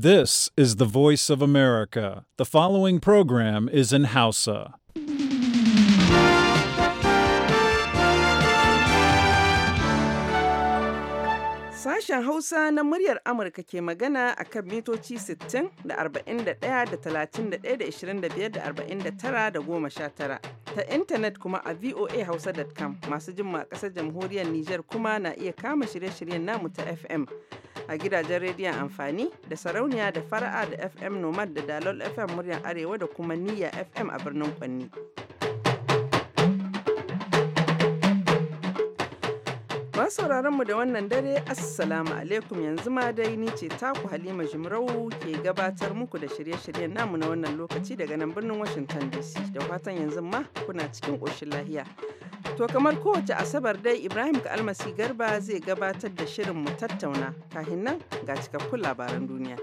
This is the voice of America. The following program is in Hausa. Sashen Hausa na muryar Amurka ke magana a kan mitoci 60 da 41 da 31 da 25 da 49 da 19 ta intanet kuma a voahausa.com masu jin ma ƙasar jamhuriyar Nijar kuma na iya kama shirye-shiryen namu ta FM. a gidajen rediyon amfani da sarauniya da fara'a da FM Nomad da Dalol FM muryar Arewa da kuma Niyya FM a birnin Kwanni. Masu mu da wannan dare Assalamu alaikum yanzu ma dai ni ce taku Halima Jimrau ke gabatar muku da shirye-shiryen namu na wannan lokaci daga nan birnin Washington DC da fatan yanzu ma kuna cikin ƙoshin lahiya. To kamar kowace Asabar dai Ibrahim Almasi Garba zai gabatar da shirin mu tattauna kahin nan ga cikakkun labaran duniya.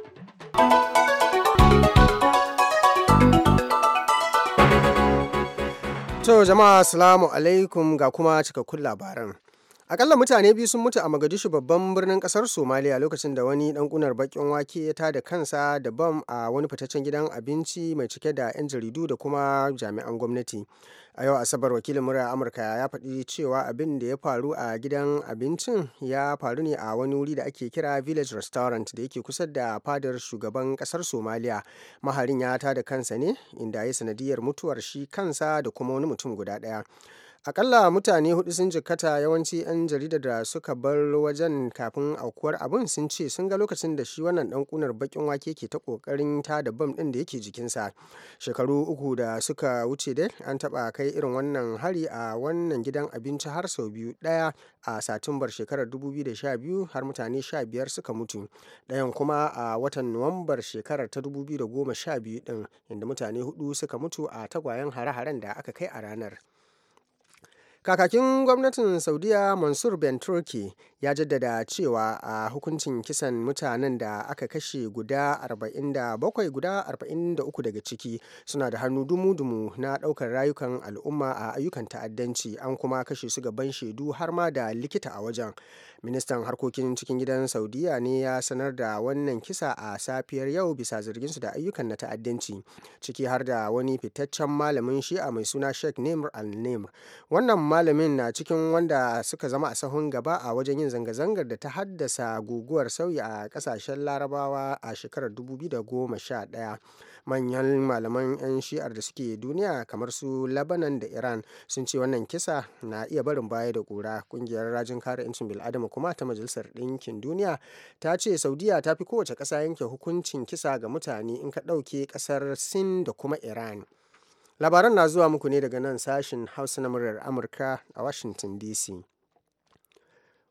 To jama'a salamu alaikum ga kuma cikakkun labaran. akalla mutane biyu sun mutu a magadishu babban birnin kasar somaliya lokacin da wani dan kunar bakin wake ya tada kansa da bam a wani fitaccen gidan abinci mai cike da 'yan jaridu da kuma jami'an gwamnati a yau asabar wakilin murya amurka ya faɗi cewa abin da ya faru a gidan abincin ya faru ne a wani wuri da ake kira village restaurant da yake kusa da fadar shugaban kasar somaliya maharin ya tada kansa ne inda ya sanadiyar mutuwar shi kansa da kuma wani mutum guda ɗaya akalla mutane hudu sun jikkata yawanci 'yan jaridar da suka bar wajen kafin aukuwar abin sun ce sun ga lokacin da shi wannan dan kunar bakin wake ke ta kokarin ta da bam din da yake jikinsa shekaru uku da suka wuce dai an taba kai irin wannan hari a wannan gidan abinci har sau biyu daya a satumbar shekarar 2012 har mutane 15 suka mutu ɗayan kuma a watan nuwambar shekarar ta 2012 din inda mutane hudu suka mutu a tagwayen hare-haren da aka kai a ranar kakakin gwamnatin saudiya mansur ben turki ya jaddada cewa a hukuncin kisan mutanen da aka kashe guda 47 guda 43 daga ciki suna da hannu dumu-dumu na daukar rayukan al'umma a ayyukan ta'addanci an kuma kashe su gaban shaidu har ma da likita a wajen ministan harkokin cikin gidan saudiya ne ya sanar da wannan kisa a safiyar yau bisa zarginsu da ayyukan na ta'addanci ciki har da wani fitaccen malamin shi'a mai suna sheikh nemr al nemr wannan malamin na cikin wanda suka zama a sahun gaba a wajen yin zanga-zangar da ta haddasa guguwar sauyi a kasashen larabawa a shekarar 2011 manyan malaman 'yan shi'ar da suke duniya kamar su labanan da iran sun ce wannan kisa na iya barin baya da kura kungiyar rajin kare 'yancin bil'adama kuma ta majalisar ɗinkin duniya ta ce saudiya ta fi kowace ƙasa yanke hukuncin kisa ga mutane in ka ɗauke ƙasar sin da kuma iran labaran na zuwa muku ne daga nan sashen hausa na muryar amurka a washington dc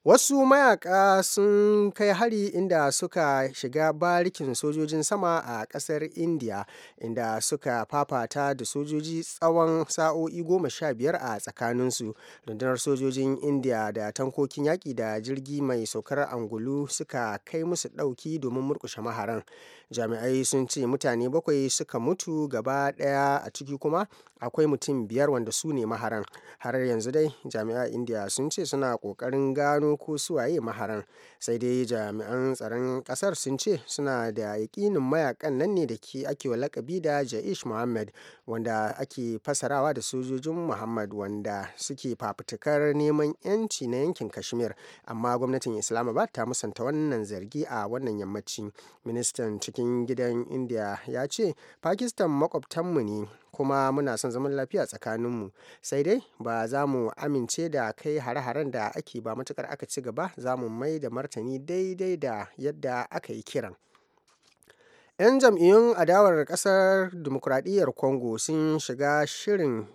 Wasu mayaka sun kai hari inda suka shiga barikin sojojin sama a kasar Indiya inda suka fafata da sojoji tsawon sa'o'i goma sha biyar a tsakaninsu. Rundunar sojojin Indiya da tankokin yaƙi da jirgi mai saukar angulu suka kai musu ɗauki domin murƙushe maharan. jami'ai sun ce mutane bakwai suka mutu gaba daya a ciki kuma akwai mutum biyar wanda su ne maharan har yanzu dai jami'an india sun ce suna kokarin gano ko suwaye maharan sai dai jami'an tsaron kasar sun ce suna da yakinin mayakan nan ne da ke ake wa lakabi da jaish muhammad wanda ake fasarawa da sojojin muhammad wanda suke fafutukar neman yanci na yankin kashmir amma gwamnatin islamabad ta musanta wannan zargi a wannan yammaci ministan cikin gidan india ya ce pakistan makwabtanmu ne kuma muna son zaman lafiya tsakaninmu sai dai ba za mu amince da kai hare-haren da ake ba matukar aka ci gaba za mu mai da martani daidai da yadda aka yi kiran 'yan jam'iyyun adawar kasar demokuraɗiyyar congo sun shiga shirin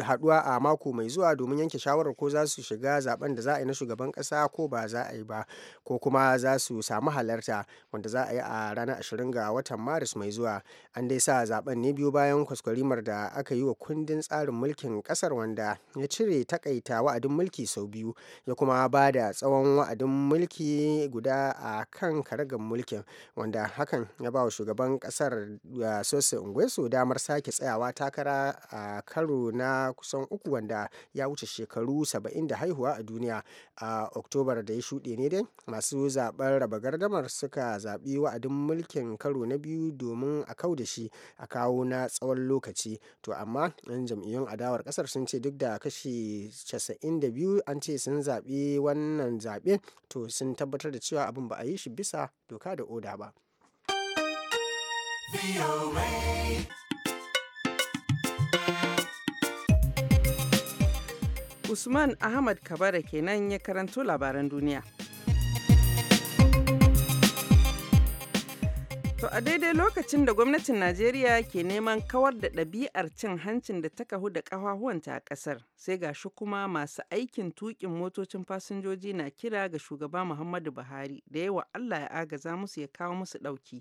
haɗuwa a mako mai zuwa domin yanke shawarar ko za su shiga zaben da za a yi na shugaban kasa ko ba za a yi ba ko kuma za su samu halarta wanda za a yi a ranar ashirin ga watan maris mai zuwa an dai sa zaben ne biyu bayan kwaskwarimar da aka yi wa kundin tsarin mulkin ƙasar wanda ya cire takaita wa'adin mulki sau biyu ya kuma ba da tsawon wa'adin mulki guda a kan karagar mulkin wanda hakan ya ba wa shugaban kasar eh, sosai ungwesu damar sake tsayawa takara a karo na kusan uku wanda ya wuce shekaru saba'in da haihuwa a duniya a oktobar da ya shuɗe ne dai masu zaɓen raba gardamar suka zaɓi wa'adin mulkin karo na biyu domin a kau da shi a kawo na tsawon lokaci to amma yan jam'iyyun adawar ƙasar sun ce duk da kashi 92 an ce sun zaɓi wannan zaɓe to sun tabbatar da cewa abin ba a yi shi bisa doka da oda ba. VOA. Usman Ahmad Kabara kenan ya karanto labaran duniya. To a daidai lokacin da gwamnatin Najeriya ke neman kawar da ɗabi'ar cin hancin da ta kahu da ƙafafuwanta a ƙasar, sai ga shi kuma masu aikin tuƙin motocin fasinjoji na kira ga shugaba Muhammadu Buhari da yawa Allah ya agaza musu ya kawo musu ɗauki.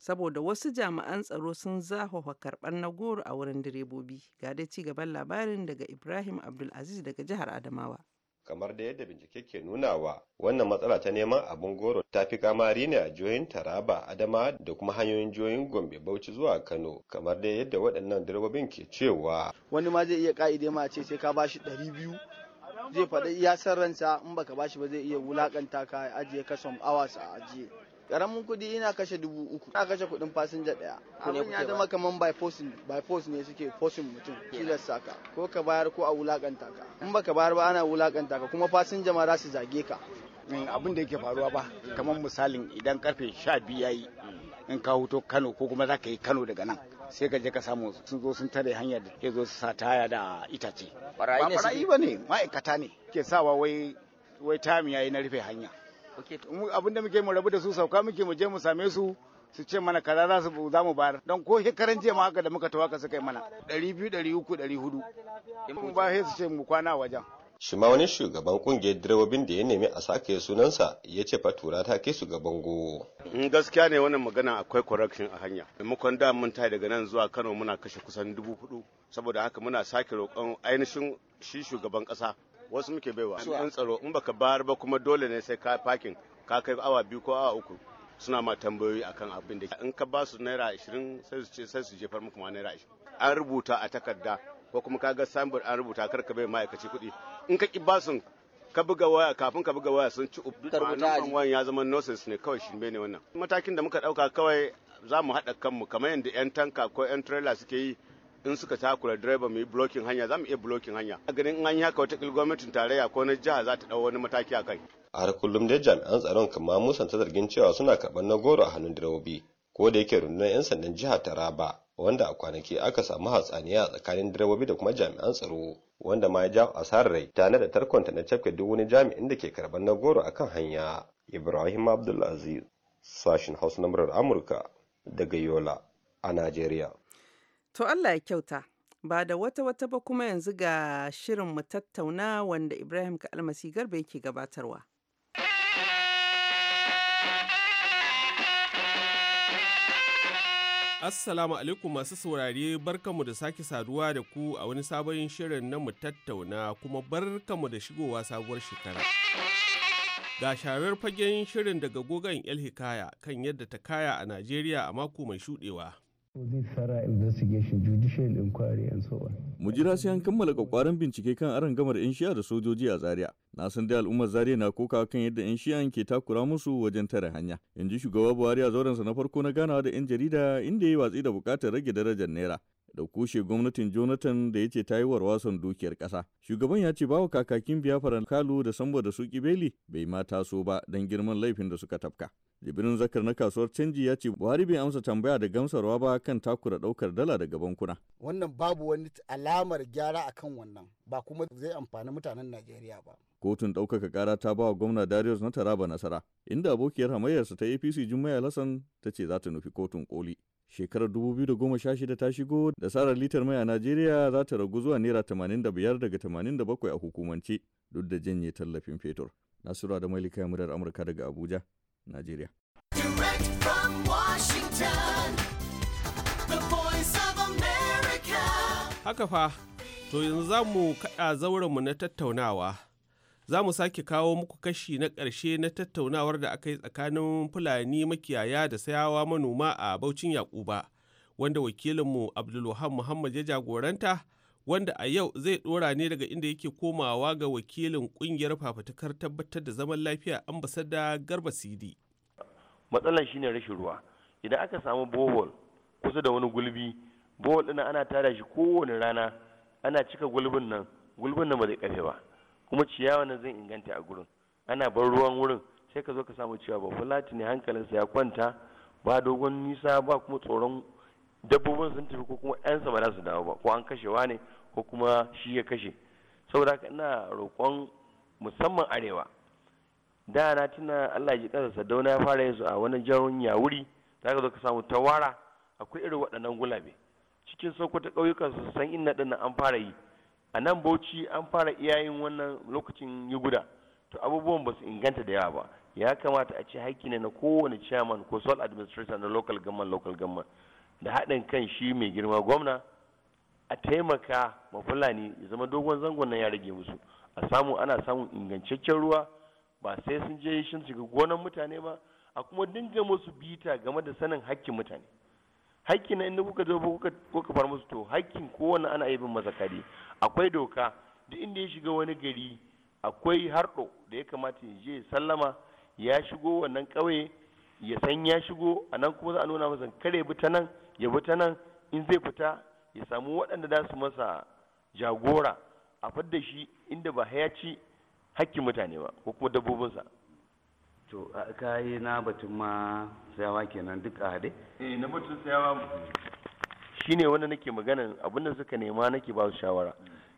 saboda wasu jami'an tsaro sun zahawa karɓar na goro a wurin direbobi ga dai ci gaban labarin daga ibrahim abdulaziz daga jihar adamawa kamar da yadda bincike ke nunawa wannan matsala ta neman abin goro ta fi kamari ne a jihohin taraba adama da kuma hanyoyin jihohin gombe bauchi zuwa kano kamar da yadda waɗannan direbobin ke cewa wani ma zai iya ka'ide ma ce sai ka bashi ɗari biyu zai faɗi iya san ransa in baka bashi ba zai iya wulakanta ka ajiye kason awas a ajiye karamin kudi ina kashe dubu uku ina kashe kudin fasinja daya abin ya zama kaman by force ne suke forcing mutum tilas saka ko ka bayar ko a wulakanta ka in baka bayar ba ana wulakanta ka kuma fasinja ma za su zage ka mm, abin da yake faruwa ba kamar misalin idan karfe sha biyu yayi mm, in ka huto Kano ko kuma za ka yi Kano daga nan sai ka je ka samu sun zo sun tare hanyar da ke zo su sa taya da itace ba barayi ba ne ma'aikata ne ke sawa wai wai tami yayi na rufe hanya abin da muke mu rabu da su sauka muke mu je mu same su su ce mana kaza za su za mu bayar don ko shekaran jiya ma haka da muka tawaka suka yi mana ɗari biyu ɗari uku ɗari hudu in mu ba su ce mu kwana wajen. shi ma wani shugaban kungiyar direbobin da ya nemi a sake sunansa ya ce fatura ta kai su gaban go. in gaskiya ne wannan magana akwai correction a hanya maimakon da mun tayi daga nan zuwa kano muna kashe kusan dubu hudu saboda haka muna sake roƙon ainihin shi shugaban ƙasa wasu muke baiwa an tsaro in baka bayar ba kuma dole ne sai ka fakin ka kai awa biyu ko awa uku suna ma tambayoyi akan abin da in ka ba su naira ashirin sai su ce sai su jefar muku ma naira ashirin an rubuta a takarda ko kuma ka ga sambur an rubuta kar ka bai ma'aikaci kuɗi in ka ki basun ka buga waya kafin ka buga waya sun ci ma'anin wannan ya zama nonsense ne kawai shi ne wannan matakin da muka ɗauka kawai za mu haɗa kanmu kamar yadda 'yan tanka ko 'yan trailer suke yi in suka takura direba mu yi blocking hanya za mu iya blocking hanya a ganin in an yi haka wata gwamnatin tarayya ko na jiha za ta dau wani mataki a kai a har kullum dai jami'an tsaron kama musanta zargin cewa suna karɓar na goro a hannun direbobi ko da yake rundunar 'yan sandan jiha taraba wanda a kwanaki aka samu hatsaniya a tsakanin direbobi da kuma jami'an tsaro wanda ma ya ja asarar rai tare da tarkonta na cafke duk wani jami'in da ke karɓar na goro kan hanya ibrahim abdulaziz sashin hausa na murar amurka daga yola a najeriya To Allah ya kyauta. Ba da wata wata ba kuma yanzu ga shirin mu tattauna wanda Ibrahim ka almasi Garba yake gabatarwa. Assalamu alaikum masu saurare barkamu da sake saduwa da ku a wani sabon shirin na mu tattauna kuma barkamu da shigowa sabuwar shekara. Ga sharar fagen shirin daga gogon El Hikaya kan yadda ta kaya a Najeriya a mako mai shuɗewa. Mu jira sai an kammala kwakwaran bincike kan aron gamar 'yan shiya da sojoji a Zaria. Na san dai al'ummar Zaria na koka kan yadda 'yan shiya ke takura musu wajen tare hanya. In ji shugaba Buhari a zauren sa na farko na ganawa da 'yan jarida inda ya watsi da bukatar rage darajar Naira. da kushe gwamnatin Jonathan da ya ce ta yi warwason dukiyar kasa Shugaban ya ce bawa kakakin biyafara Kalu da Sambo da Suki Beli bai ma taso ba don girman laifin da suka tafka. jibirin zakar na kasuwar canji ya ce buhari bai amsa tambaya da gamsarwa ba kan takura daukar dala daga bankuna wannan babu wani alamar gyara akan wannan ba kuma zai amfani mutanen najeriya ba kotun ɗaukaka ƙara ta ba wa gwamna darius na taraba nasara inda abokiyar hamayyarsa ta apc jummai lasan ta ce za ta nufi kotun koli shekarar 2016 ta shigo da sarar litar mai a najeriya za ta ragu zuwa naira 85 daga 87 a hukumance duk da janye tallafin fetur nasura da mailika murar amurka daga abuja Najeriya. Haka fa, to yanzu za mu kaɗa zaurenmu na tattaunawa. Za mu sake kawo muku kashi na ƙarshe na tattaunawar da aka yi tsakanin Fulani makiyaya da sayawa manoma a Baucin Yakuba, wanda wakilinmu Abdulwahab Muhammad ya jagoranta. wanda a yau zai ɗora ne daga inda yake komawa ga wakilin kungiyar fafatakar tabbatar da zaman lafiya an ambasada garba sidi matsalar shine rashin ruwa idan aka samu bohol kusa da wani gulbi bohol ɗin ana tada shi kowane rana ana cika gulbin nan gulbin nan ba zai kafe ba kuma ciyawa nan zai inganta a gurin ana bar ruwan wurin sai ka zo ka samu cewa ba fulati ne hankalinsa ya kwanta ba dogon nisa ba kuma tsoron dabbobin sun tafi ko kuma yan sama za su dawo ba ko an kashewa ne ko kuma shi ya kashe saboda haka ina roƙon musamman arewa da na tuna Allah ji kasa Sadauna ya fara su a wani jarun yawuri za ka zo ka samu tawara akwai irin waɗannan gulabe cikin sokoto ƙauyukan su san inna ɗin an fara yi a nan bauchi an fara iyayen wannan lokacin yi guda to abubuwan ba su inganta da yawa ba ya kamata a ce haƙƙi ne na kowane chairman ko sole administrator na local government local government da haɗin kan shi mai girma gwamna a taimaka ma fulani ya zama dogon zangon nan ya rage musu a samu ana samun ingantaccen ruwa ba sai sun je shin shiga gonan mutane ba a kuma dinga musu bita game da sanin hakkin mutane hakkin na inda kuka zo kuka far musu to hakkin kowanne ana bin masa kare akwai doka duk inda ya shiga wani gari akwai harɗo da ya kamata ya je sallama ya shigo wannan ƙauye ya san ya shigo a nan kuma za a nuna masa kare bi ta nan ya bi ta nan in zai fita ya samu waɗanda za su masa jagora a fadda shi inda ba ya ci hakkin mutane ba ko kuma dabbobinsa to a yi na batun ma sayawa kenan duk a haɗe eh na batun sayawa shine wanda nake magana abinda da suka nema nake ba su shawara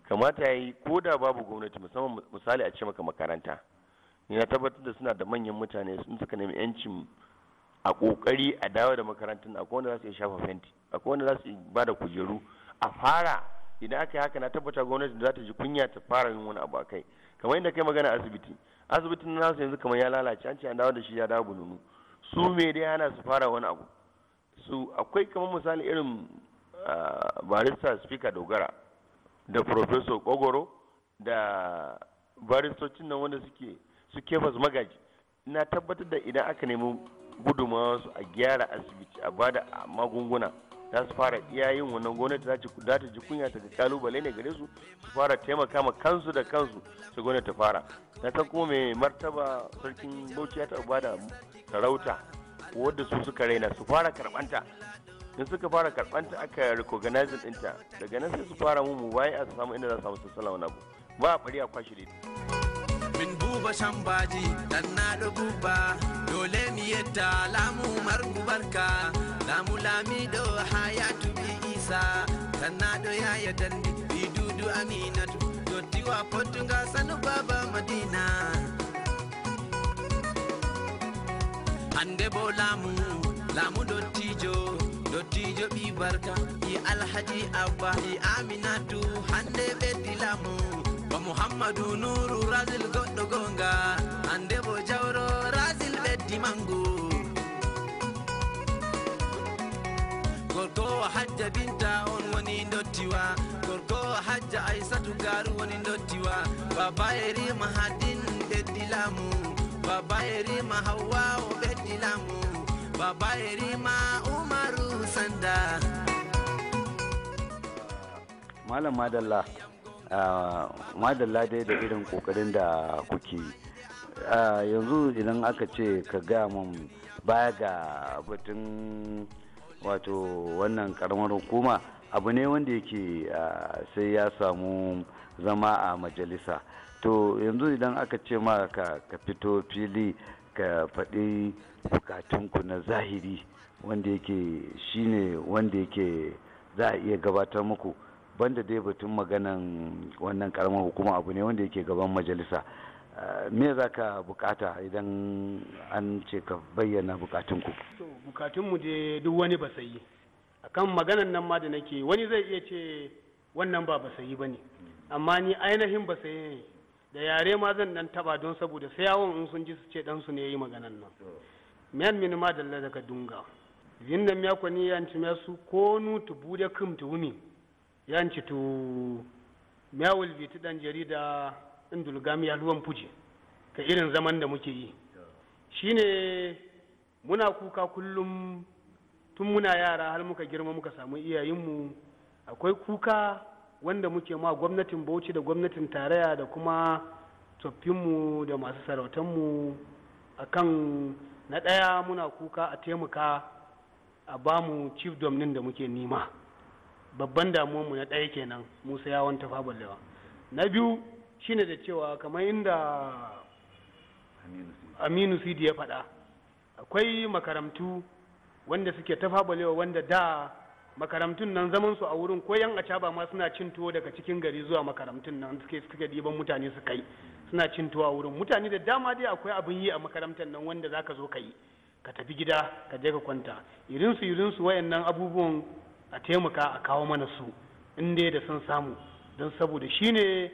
kamata ya yi ko da babu gwamnati musamman misali a ce maka makaranta ina tabbatar da suna da manyan mutane sun suka nemi 'yancin a kokari a dawo da makarantun akwai wanda za su iya shafa fenti akwai wanda za su ba da kujeru a fara idan aka yi haka na tabbata gwamnati za ta ji kunya ta fara yin wani abu a kai kamar yadda kai magana asibiti asibitin nasu yanzu kamar ya lalace an ce an dawo da shi ya dawo bununu su me dai hana su fara wani abu su akwai kamar misali irin barista speaker dogara da professor kogoro da baristocin nan wanda suke su kefas magaji na tabbatar da idan aka nemi gudunmawa su a gyara asibiti a bada magunguna za su fara iya yin wannan gwamnati za ta ji kunya ta kalubale ne gare su su fara taimaka ma kansu da kansu su gwamnati ta fara na san kuma mai martaba sarkin bauchi ya taɓa bada sarauta wadda su suka raina su fara karɓanta in suka fara karɓanta aka recognize ɗinta daga nan sai su fara mu mu baya a samu inda za su samu wani na ba a bari a kwashe daidai. min buba sambaji ɗannaɗo buba dole mi yetta laamu margu barka laamu laamiɗo ha yatuɓi isa ɗannaɗo yaya danɗi ɓi duudu aminatu dottiwa pottuga sanu baba madina hande bo laamu laamu dottijo dottijo ɓi barka i alhaji abba i aminatu hande ɓeddi laamu muhammadu nuru rasil goɗɗo gonga ande bo jawro rasil ɓeddi mangu gorkowa hajja binta on woni dottiwa gorkowa hajja aissatu garu woni dottiwa baba erima hadin ɓeddi lamu baba erima hawwa ɓeddi lamu baba erima umaru sanda malam madalla Ah, madalla dai da irin kokarin da kuke ah, yanzu idan aka ce ka gaya mun baya ga batun wato wannan karamar hukuma abu ne wanda yake ah, sai ya samu zama a majalisa to yanzu idan aka ce ma ka fito fili ka faɗi bukatunku na zahiri wanda yake shine wanda yake za a iya gabatar muku banda dai batun maganan wannan karamar hukuma abu ne wanda yake gaban majalisa eh, me za ka bukata idan an ce ka bayyana bukatunku bukatunmu je duk wani ba a akan maganan nan ma da nake wani zai iya ce wannan ba basayi ba ne amma ni ainihin ba ne da yare ma zan dan taba don saboda sai yawon in sun ji su ce su ne ya yi maganan nan miyan mini ma dalla daga dunga yin nan miya kwani yanci miya su ko nu tu bude kum tu yanci tu miyawul bitu jarida indulgam ya luwan fuje ka irin zaman da muke yi shine muna kuka kullum tun muna yara har muka girma muka samu iyayenmu akwai kuka wanda muke ma gwamnatin bauchi da gwamnatin tarayya da kuma tsoffinmu da masu sarautanmu a kan na ɗaya muna kuka a taimaka a bamu chief ɗin da muke nima babban mu na ɗaya kenan musa yawon tafa ballewa na biyu shine da cewa kamar inda aminu sidi ya faɗa akwai makaramtu wanda suke tafa balewa wanda da makaramtun nan zaman su a wurin ko yan caba ma suna cin tuwo daga cikin gari zuwa makaramtun nan suke suke diban mutane su kai suna cin tuwo a wurin mutane da dama dai akwai abin yi a makarantar nan wanda zaka zo ka ka tafi gida ka je ka kwanta irin su irin su wayannan abubuwan a taimaka a kawo mana su in dai da sun samu don saboda shi ne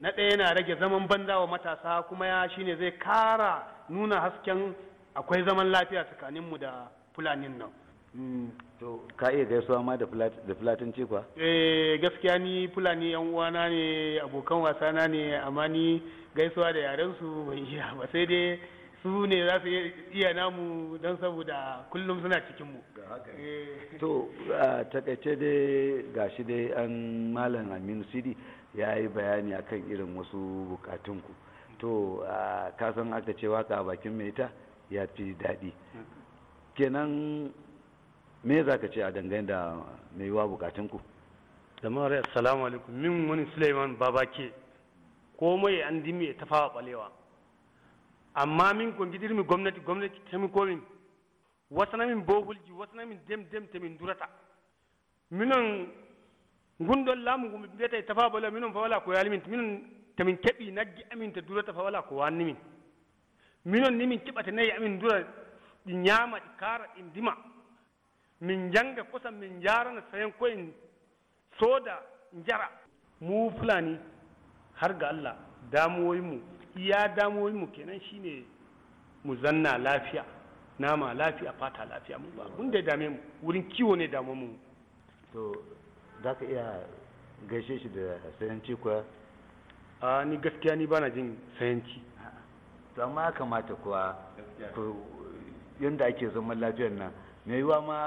na ɗaya yana rage zaman banza wa matasa kuma ya shi ne zai kara nuna hasken akwai zaman lafiya tsakaninmu da fulanin nan mm, to ka iya gaisuwa ma da fulatin cikwa eh gaskiya ni fulani yan uwana ne abokan wasana ne amma ni gaisuwa da yarensu ban iya ba sai dai su ne za su iya namu don saboda kullum suna cikinmu eh. to a takaice dai gashi dai an malam aminu sidi ya yi bayani akan irin wasu bukatunku to kasan aka ce waka bakin mai ta ya fi daɗi kenan me za ka ce a dangane da mai wa bukatunku jama'ar assalamu alaikum min wani suleiman babake komai an dimi ta fawa balewa amma min ko gidirmi gomnati gomnati temi min wasana min bobulji wasana min dem dem temin durata minon lamu gum ngu mbiyete tafabolo minon fa wala ko yali min minon temin kebi naggi amin te durata fa wala ko wanni min minon ni min kibata nayi amin dura di nyama di kara ɗi dima min janga kosam min jarana sayan ko en sooda jara mu fulani har ga allah mu. iya damoyin mu kenan shine mu zanna lafiya nama lafiya fata lafiya mu ba mun da dame mu wurin kiwo ne damu mu to za ka iya gaishe shi da sayanci kuwa a ni gaskiya ni bana jin sayanci to amma ya kamata kuwa yadda ake zaman lafiyar nan me yiwa ma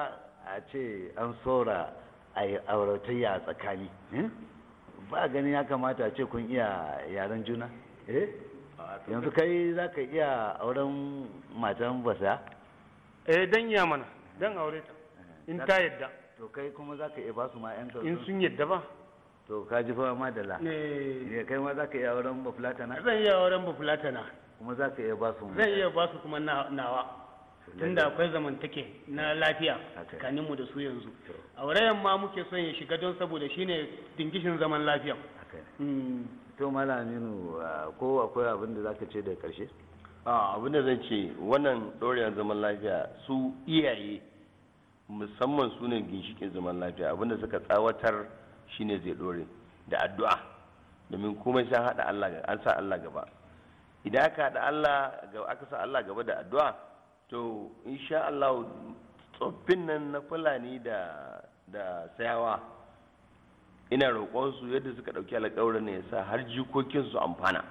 a ce an sora a yi auratayya a tsakani eh? ba ganin ya kamata a ce kun iya yaren juna eh yanzu kai za ka iya auren matan basa eh don ya mana don aure ta in ta yadda to kai kuma za ka iya ba su ma yan in sun yadda ba to ka ji fa ma da la eh kai ma za ka iya auren bafulatana zan iya auren bafulatana kuma za ka iya ba su zan iya ba su kuma nawa tunda akwai zamantake na lafiya tsakanin mu da su yanzu aurayen ma muke son ya shiga don saboda shine dingishin zaman lafiya mm. to malaminu ko akwai abin da zaka ce da karshe abin da zan ce wannan ɗorewar zaman lafiya su iyaye musamman su ne ginshikin zaman lafiya abin da suka tsawatar shine zai ɗore da addu'a domin komai sha haɗa Allah an sa Allah gaba idan aka haɗa Allah aka sa Allah gaba da addu'a to insha Allah tsoffin nan na fulani da da sayawa ina su yadda suka ɗauki alƙawarin ne ya sa har jikokin su amfana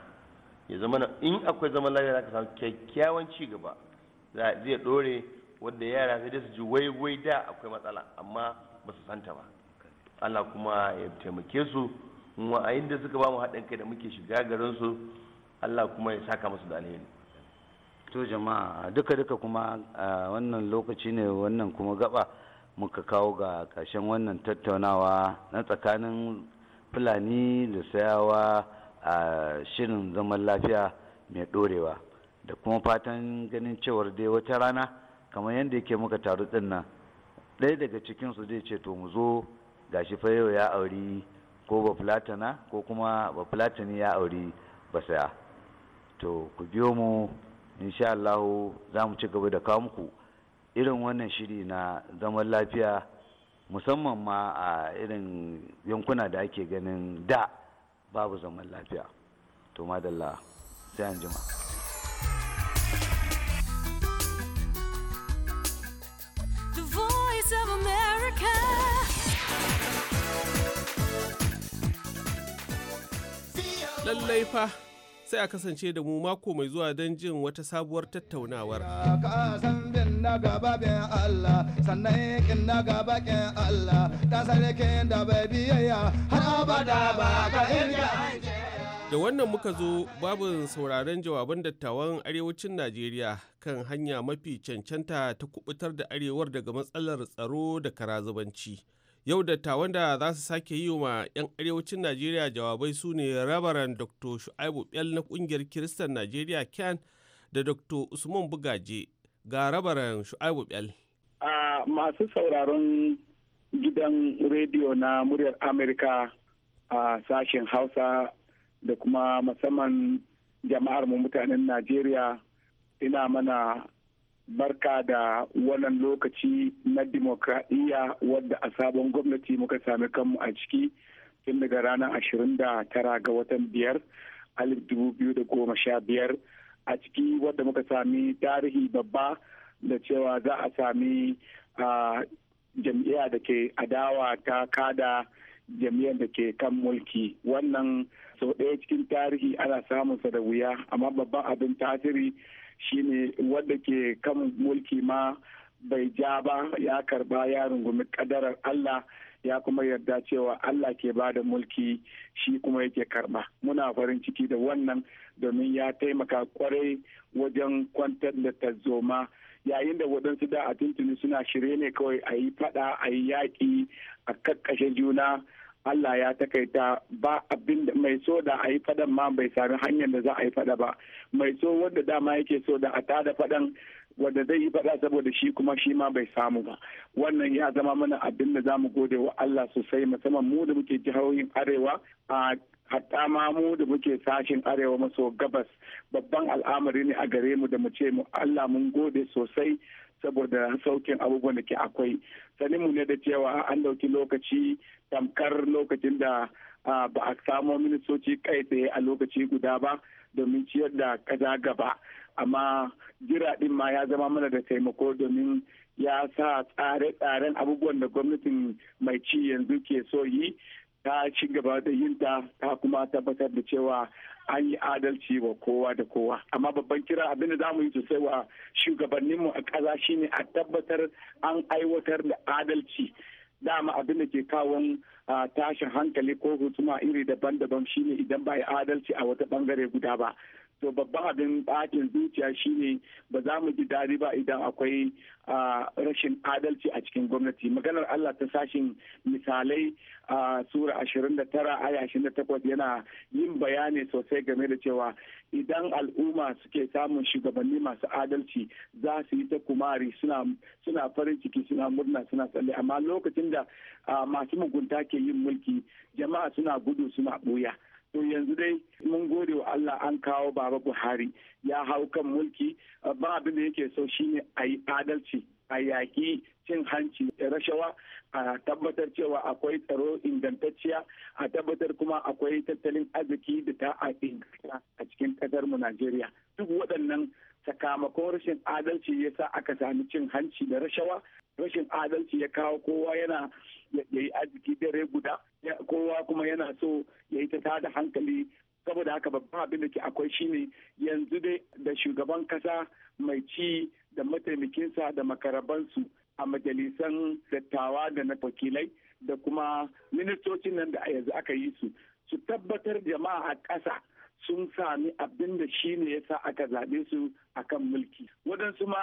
ya zama in akwai zaman lafiya za ka samu kyakkyawan ci gaba zai ɗore wanda yara sai dai su ji waiwai da akwai matsala amma ba su santa ba Allah kuma ya taimake su wa'ayin da suka ba mu haɗin kai da muke shiga garin su Allah kuma ya saka musu da alheri to jama'a duka-duka kuma a wannan lokaci ne wannan kuma gaba muka kawo ga ƙarshen wannan tattaunawa na tsakanin fulani da sayawa a shirin zaman lafiya mai ɗorewa da kuma fatan ganin cewar dai wata rana kamar yadda yake muka taru ɗin nan ɗaya daga cikinsu zai ce to mu zo gashi fa yau ya auri ko ba fulatana ko kuma ba fulatani ya auri ba saya to ku biyo mu insha Allah za mu ci gaba da kawo muku irin wannan shiri na zaman lafiya musamman ma a irin yankuna da ake ganin da babu zaman lafiya to madalla sai an jima lallai fa sai a kasance da mu mako mai zuwa don jin wata sabuwar tattaunawar. Da wannan muka zo babin sauraron jawaban dattawan arewacin Najeriya kan hanya mafi cancanta ta kubutar da arewar daga matsalar tsaro da karazubanci. Yau dattawan da za su sake yi wa 'yan arewacin Najeriya jawabai su ne rabaran Dr. Shu'aibu Bel na kungiyar Kiristan Najeriya Kyan da Dr. Usman Bugaje ga rabaran Shu'aibu Bel. A masu sauraron gidan rediyo na muryar Amerika a sashen Hausa da kuma musamman jama'ar mu mutanen Najeriya ina mana barka da wannan lokaci na demokradiyya wadda a sabon gwamnati muka sami kanmu a ciki tun daga ranar ashirin da tara ga watan biyar alif sha biyar a ciki wadda muka sami tarihi babba da cewa za a sami jam'iyya da ke adawa ta kada jam'iyyar da ke kan mulki wannan sau ɗaya cikin tarihi ana samunsa da wuya amma babban abin tasiri shine wanda ke kan mulki ma bai ja ba ya karba ya rungumi kadarar Allah ya kuma yarda cewa Allah ke ba da mulki shi kuma yake karba muna farin ciki da wannan domin ya taimaka kwarai wajen kwantar da tazoma yayin da waɗansu da a tuntuni suna shirye ne kawai a yi faɗa a yi yaƙi a kakkashe juna Allah ya takaita ba abin da mai so da a yi fadan ma bai sami hanyar da za a yi fada ba mai so wanda dama yake so da a tada fadan wanda zai yi fada saboda shi kuma shi ma bai samu ba wannan ya zama mana abin da za mu gode wa Allah sosai musamman mu da muke jihohin arewa a hatta ma mu da muke sashin arewa maso gabas babban al'amari ne a gare mu da mu ce mu Allah mun gode sosai saboda saukin abubuwan da ke akwai sanin mu ne da cewa an dauki lokaci tamkar lokacin da ba a samo ministoci kai tsaye a lokaci guda ba domin ciyar da kaza gaba amma jira din ma ya zama mana da taimako domin ya sa tsare-tsaren abubuwan da gwamnatin mai ci yanzu ke so yi ta ci gaba da yin ta ta kuma tabbatar da cewa an yi adalci wa kowa da kowa amma babban kira abinda za mu yi sosai wa shugabanninmu a ƙasa shine a tabbatar an aiwatar da adalci dama abinda da ke kawon tashin hankali ko hutuma iri daban-daban shine idan ba yi adalci a wata bangare guda ba to babban abin bakin zuciya shine ba za mu ji dari ba idan akwai rashin adalci a cikin gwamnati maganar Allah ta sashin misalai a sura 29 aya 28 yana yin bayani sosai game da cewa idan al'umma suke samun shugabanni masu adalci za su yi ta kumari suna farin ciki suna murna suna tsalle amma lokacin da masu mugunta ke yin mulki jama'a suna gudu suna ɓuya. to yanzu dai mun gode wa Allah an kawo baba Buhari ya hau kan mulki ba abin da yake so shine a yi adalci a yaƙi cin hanci rashawa a tabbatar cewa akwai tsaro ingantacciya a tabbatar kuma akwai tattalin arziki da ta a inganta a cikin ƙasar mu Najeriya duk waɗannan sakamakon rashin adalci yasa aka sami cin hanci da rashawa rashin adalci ya kawo kowa yana ya yi arziki dare guda kowa kuma yana so ya yi ta tada hankali saboda haka babban abin da ke akwai shine yanzu dai da shugaban kasa mai ci da mataimakinsa da makarabansu a majalisan dattawa da na wakilai da kuma ministocin nan da yanzu aka yi su su tabbatar jama'a a ƙasa sun sami abin da shi ne yasa aka zaɓe su akan mulki waɗansu ma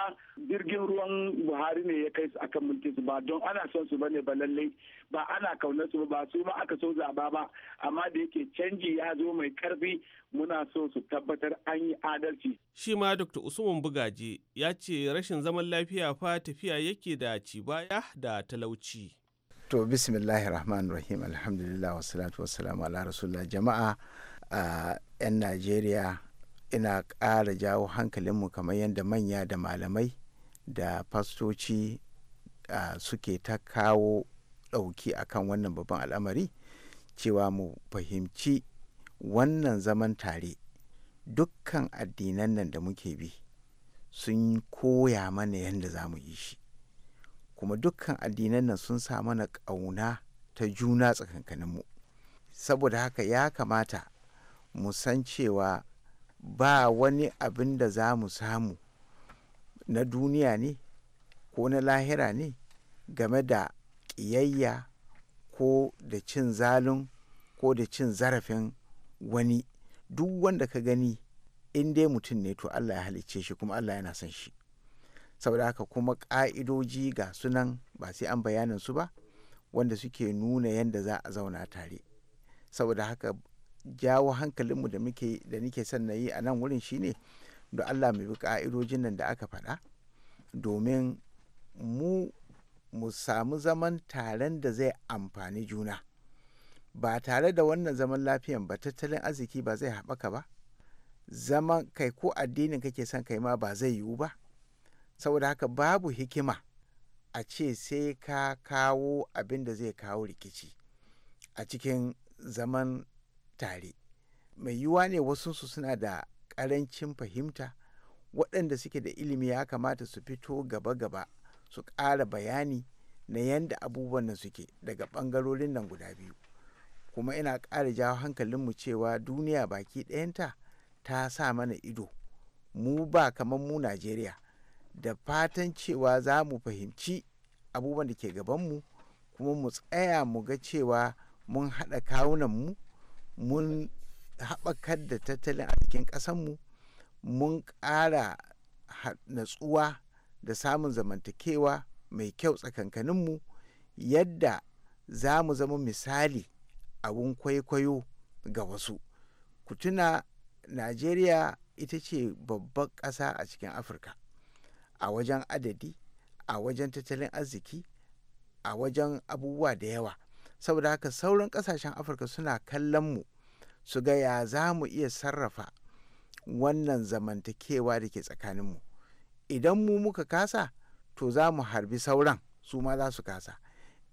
jirgin ruwan buhari ne ya kai su akan mulki su ba don ana son su bane ba lallai ba ana kaunar su ba su ma aka so zaɓa ba amma da yake canji ya zo mai karfi muna so su tabbatar an yi adalci shi ma dr usman bugaji ya ce rashin zaman lafiya fa tafiya yake da cibaya da talauci to bismillahir rahmanir rahim alhamdulillah wassalatu wassalamu ala rasulillah jama'a a 'yan najeriya ina ƙara jawo hankalinmu kamar yadda manya da malamai da fastoci suke ta kawo ɗauki akan wannan babban al'amari cewa mu fahimci wannan zaman tare dukkan addinan nan da muke bi sun koya mana yadda za mu yi shi kuma dukkan addinan nan sun sa mana ƙauna ta juna tsakankaninmu saboda haka ya kamata mu san cewa ba wani abin da za mu samu na duniya ne ko na lahira ne game da ƙiyayya ko da cin zalun ko da cin zarafin wani duk wanda ka gani in dai mutum ne to Allah ya halicce shi kuma Allah yana son shi saboda haka kuma ƙa'idoji ga sunan ba sai an bayanin su ba wanda suke nuna yadda za a zauna tare saboda haka jawo hankalinmu da muke da nike son na yi a nan wurin shine da allah mai bi ka'idojin nan da aka faɗa domin mu mu samu zaman taren da zai amfani juna ba tare da wannan zaman lafiyan ba tattalin arziki ba zai haɓaka ba zaman kai ko addinin kake son kai ma ba zai yiwu ba saboda haka babu hikima a ce sai ka kawo abin da zai kawo rikici a cikin zaman tare mai yiwuwa ne wasu su suna da ƙarancin fahimta waɗanda suke da ilimi ya kamata su fito gaba-gaba su ƙara bayani na yadda abubuwan nan suke daga ɓangarorin nan guda biyu kuma ina ƙara jawo hankalinmu cewa duniya baki ɗayanta ta sa mana ido mu ba kamar mu najeriya da fatan cewa za mu fahimci abubuwan da ke gabanmu kuma mu tsaya mu ga cewa mun haɗa kawunanmu mun haɓakar da tattalin arzikin ƙasanmu mun ƙara natsuwa da samun zamantakewa mai kyau tsakankaninmu yadda za mu zama misali abun kwaikwayo ga wasu ku tuna najeriya ita ce babban ƙasa a cikin afirka a wajen adadi a wajen tattalin arziki a wajen abubuwa da yawa saboda haka sauran kasashen afirka suna kallon mu su ga ya za mu iya sarrafa wannan zamantakewa da ke tsakaninmu idan mu muka kasa to za mu harbi sauran su ma za su kasa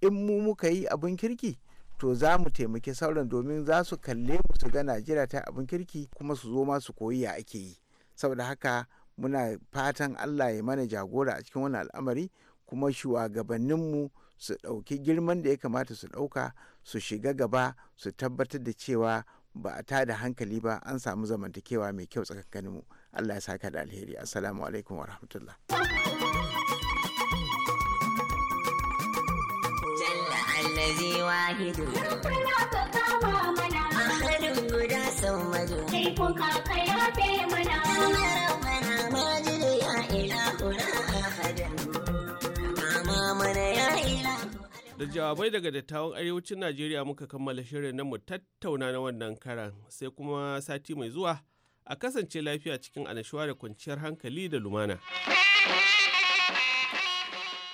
in mu muka yi abin kirki to za mu taimaki sauran domin za su kalle mu su ga najeriya ta abin kirki kuma su zo ma su koyi ya ake yi saboda haka muna fatan allah ya mana jagora a cikin wani al'amari kuma shugabanninmu su ɗauki girman da ya kamata su ɗauka su shiga gaba su tabbatar da cewa ba a tada hankali ba an samu zamantakewa mai kyau tsakaninmu allah ya saka da alheri assalamu alaikum wa rahmatullah Da jawabai daga dattawan arewacin Najeriya muka kammala shirin na mu tattauna na wannan karan sai kuma sati mai zuwa a kasance lafiya cikin anashuwa da kwanciyar hankali da lumana.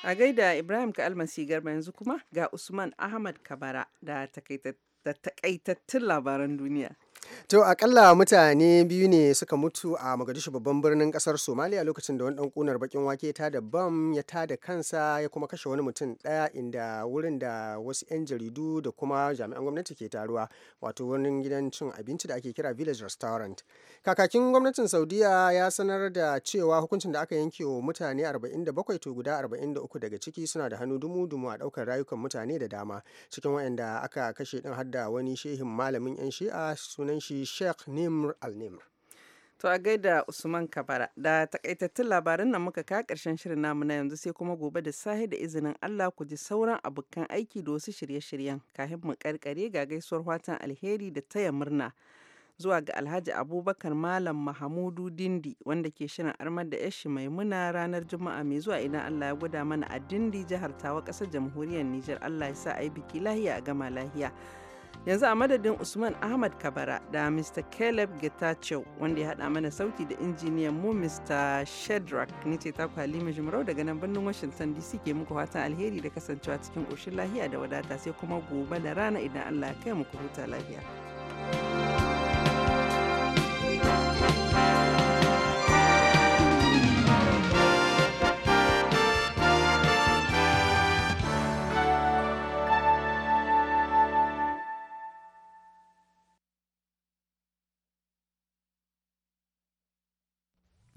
A gaida Ibrahim ka almasi garba yanzu kuma ga Usman Ahmad Kabara da takaitattun labaran duniya. To akalla mutane biyu ne suka mutu a Mogadishu babban birnin kasar Somalia lokacin da wani dan kunar bakin wake ta da bam ya ta da kansa ya kuma kashe wani mutum daya inda wurin da wasu 'yan jaridu da kuma jami'an gwamnati ke taruwa wato wurin gidan cin abinci da ake kira Village Restaurant. Kakakin gwamnatin Saudiya ya sanar da cewa hukuncin da aka yanke wa mutane 47 to guda 43 daga ciki suna da hannu dumu-dumu a daukar rayukan mutane da dama cikin waɗanda aka kashe din har da wani shehin malamin 'yan shi'a sunan shi Sheikh Nimr Al-Nimr. To a gaida Usman Kabara da takaitattun labaran nan muka ka karshen shirin namu na yanzu sai kuma gobe da sahi da izinin Allah ku ji sauran abokan aiki da wasu shirye-shiryen kafin mu karkare ga gaisuwar watan alheri da taya murna. Zuwa ga Alhaji Abubakar Malam Mahamudu Dindi wanda ke shirin armar da yashi maimuna ranar Juma'a mai zuwa idan Allah ya guda mana a Dindi jihar Tawa ƙasar jamhuriyar Nijar Allah ya sa a yi biki lahiya a gama lahiya. yanzu a madadin usman ahmad kabara da mr caleb getachew wanda ya hada mana sauti da injiniyan mu mr shedrack ni ce taku halima jimarau daga nan birnin washington dc ke muku fatan alheri da kasancewa cikin ƙoshin lahiya da wadata sai kuma gobe da rana idan allah ya kai muku huta lahiya